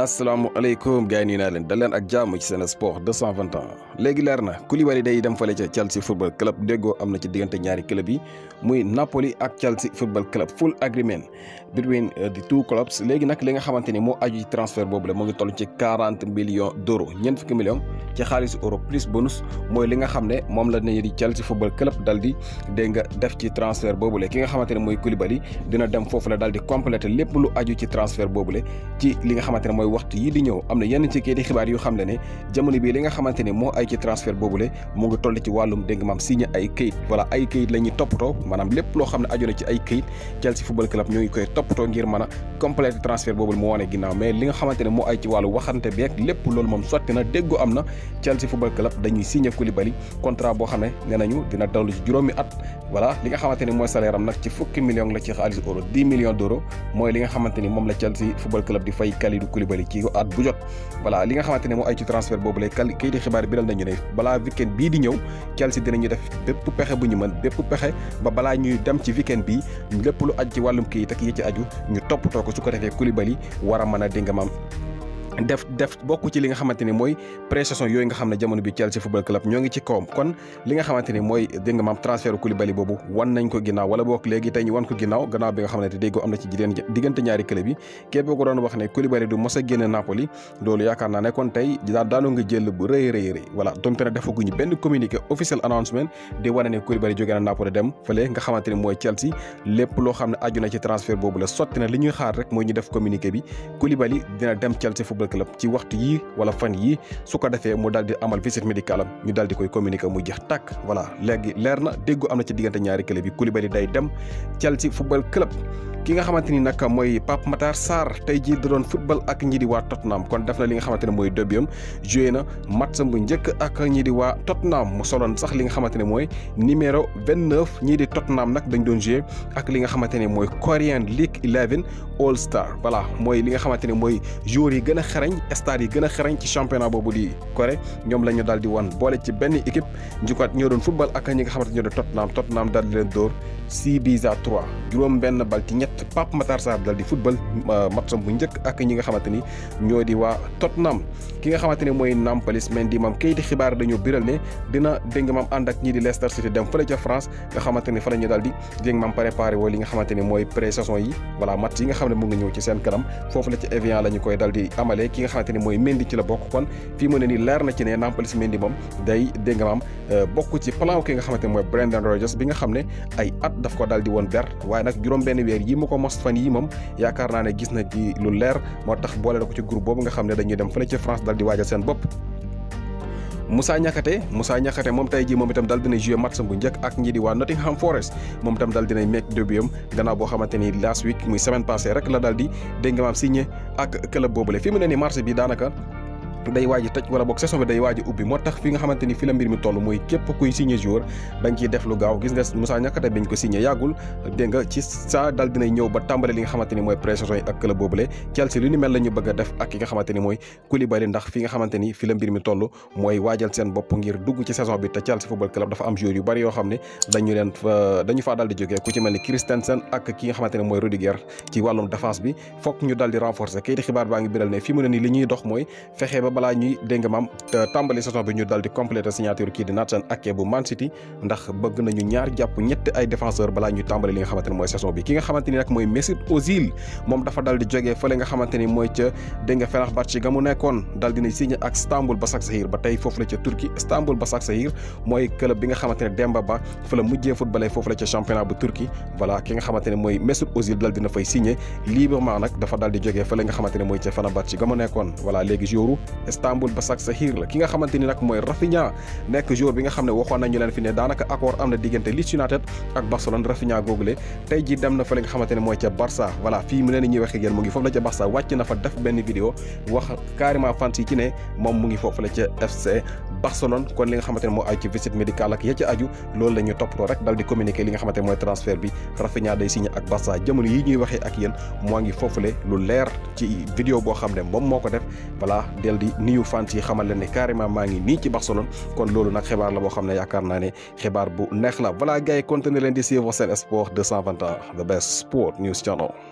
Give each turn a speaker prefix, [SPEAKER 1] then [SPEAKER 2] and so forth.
[SPEAKER 1] asalaamaaleykum gars yi nuyu naa leen dal leen ak jàmm ci seen sport 221 léegi leer na Koulibaly day dem fële ca Chelsea football club déggoo am na ci diggante ñaari club yi muy Napoli ak Chelsea football club full agreement between uh, the two clubs léegi nag li nga xamante ni moo aju ci transfert boobu la moo ngi toll ci 40 millions d'euros ñeent fukki millions ci xaalisu euro plus bonus mooy li nga xam ne moom la ne di Chelsea football club dal di dégg nga def ci boobu boobule ki nga xamante ne mooy Koulibaly dina dem foofu la dal di compléter lépp lu aju ci transfert boobule ci li mooy waxtu yi di ñëw am na yenn ci kayiti xibaar yu xam mu ngi toll ci wàllum dégg maam signé ay kayit voilà ay kayit la toppatoo maanaam lépp loo xam ne aju ci ay kayit Chelsea football club ñoo ngi koy toppatoo ngir mën a compléter transfert boobule mu wane ginnaaw mais li nga xamante moo ay ci wàllu waxante beeg lépp loolu moom sotti na déggoo am na Chelsea football club dañuy signé Koulibaly contrat boo xam ne dina dallu ci bëri ci at bu jot voilà li nga xamante ne moo ay ci transfert boobu lay kayiti xibaar biral nañu ne balaa weekend bii di ñëw Chelsea dinañu def bépp pexe bu ñu mën bépp pexe ba balaa ñuy dem ci weekend bi lépp lu aj ci wàllum kayit ak yi ci aju ñu toppatoo ko su ko defee Koulibaly war a mën a nga maam def def bokk ci li nga xamante mooy prestation yooyu nga xam ne jamono bi Chelsea football club ñoo ngi ci kawam kon li nga xamante mooy dégg maam transfert Koulibaly boobu wan nañ ko ginnaaw wala boog léegi tey ñu wan ko ginnaaw gannaaw bi nga xam te déggoo am na ci diggante ñaari club yi képp boo ko wax ne Koulibaly du mos génn Napoli loolu yaakaar naa ne tey daan jël bu rëy rëy rëy voilà donte defaguñu benn communiqué football club ci waxtu yi wala fan yi su ko defee mu daal di amal visite médicale am ñu daal di koy communiquer mu jeex tàkk voilà léegi leer na déggu am na ci diggante ñaari club yi Koulibaly day dem Chelsea football club ki nga xamanteni nak moy pap Matar sar tay ji doon football ak ñi di wa Tottenham kon def na li nga xamanteni moy mooy début na match bu ñeuk ak ñi di wa Tottenham mu soloon sax li nga xamanteni moy numéro 29 ñi di Tottenham nak dañ doon jouer ak li nga xamanteni moy Korean League 11 All Star voilà moy li nga xamanteni moy joueur yi gëna xarañ star yi gëna xarañ ci championnat bobu di Corée ñom lañu ñu daal di wan boole ci benn équipe njukkaat ñoo doon football ak ñi nga xamanteni ñoo doon Tottenham Tottenham dal di leen door 6 biza 3 juroom benn bal ci ñet pap Matar Sarr dal di football matcham bu ñëk ak ñi nga xamanteni ñoy di wa Tottenham ki nga xamante ni mooy di Mendy moom kayiti xibaar dañu biral ne dina deng mam and ak ñi di Leicester City dem fele ci France nga xamanteni fa lañu dal di deng mam préparer wo li nga xamanteni moy pré-saison yi wala match yi nga xamne mu ñëw ci seen kanam fofu la ci Evian lañu koy dal di amalé ki nga xamanteni moy mooy Mendy ci la bokk kon fi mo ne ni leer na ci ne men di moom day deng mam euh, bokku ci plan ki nga xamanteni moy Brendan Rodgers bi nga xamne ay at daf ko dal di won ber waye nak juroom ben wer yi mu ko mos fan yi moom yaakaar naa ne gis na ci lu leer moo tax boole na ko ci groupe boobu nga xam ne dañuy dem fële ca France dal di waajal seen bopp Moussa Niakhaté Moussa Niakhaté moom tey jii moom itam dal dina joué match bu njëkk ak ñi di waa Nottingham Forest moom itam dal dinay meeg début gannaaw boo xamante ni last week muy semaine passée rek la dal di dégg nga maam signé ak club fi mu ne ni marché bi daanaka day waaj a tëj wala boog saison bi day waaj ubbi moo tax fi nga xamante fi la mbir mi toll mooy képp kuy signé joueur da nga def lu gaaw gis nga Moussa Niakhaté biñ ko signé yàggul dégg ci saa a def ak ki nga xamante ni mooy Koulibaly ndax fi nga bi te Chelsea football club dafa am joueur yu bari yoo xam ne dañu leen dañu faa ku ci mel ni Christensen ak ki nga xamante mooy Rudiger ci wàllum défense bi fokk ñu dal di renforcer kayiti xibaar baa ngi biral ne fi mu ne ni li ñuy dox mooy fexe ba balaa ñuy dégg nga maam euh, tàmbali saison bi ñu dal di compléter signature kii di Nathan Ake bu Man City ndax bëgg nañu ñaar jàpp ñetti ay défenseur balaa ñuy tàmbali li nga xamante ne mooy saison bi ki nga xamante ni nag mooy Mesut Ozil moom dafa dal ni mooy ca dégg nga Fenerbahçe ga mu nekkoon dal di nay signé ak Istanbul Basaksehir ba tey foofu la ca Turquie Istanbul Basaksehir mooy club bi nga xamante ne Demba Ba fa la mujjee footballé foofu la ca championnat bu ki nga xamante ne mooy Mesut Ozil dal dafa dal di jógee fële nga xamante ne mooy ca Fenerbahçe ga mu nekkoon voilà léegi jouru Istanbul Basaksehir la ki nga xamante ni nag mooy Rafinha nekk joueur bi nga xam ne waxoon nañu leen fi ne daanaka accord am na diggante Leeds United ak Barcelone Rafinha googule tey ji dem na fa li nga xamante ne mooy ca Barça voilà fii mu ne ni ñuy waxe yéen mu ngi foofu mu ngi foofu la ca FC Barcelone li nga xamante ne moo aju ci visite médicale ak ya ca aju loolu la ñu toppatoo rek dal di communiquer li nga xamante ne mooy transfert bi waxee ak yéen moo ngi foofule lu leer ci vidéo boo xam ne moom moo ko def voilà del di niyu fans yi xamal leen ne carrément maa ngi nii ci Barcelone kon loolu nag xibaar la boo xam ne yaakaar naa ne xibaar bu neex la voilà gars yi continuer leen di suivre seen sport 221 the best sport news channel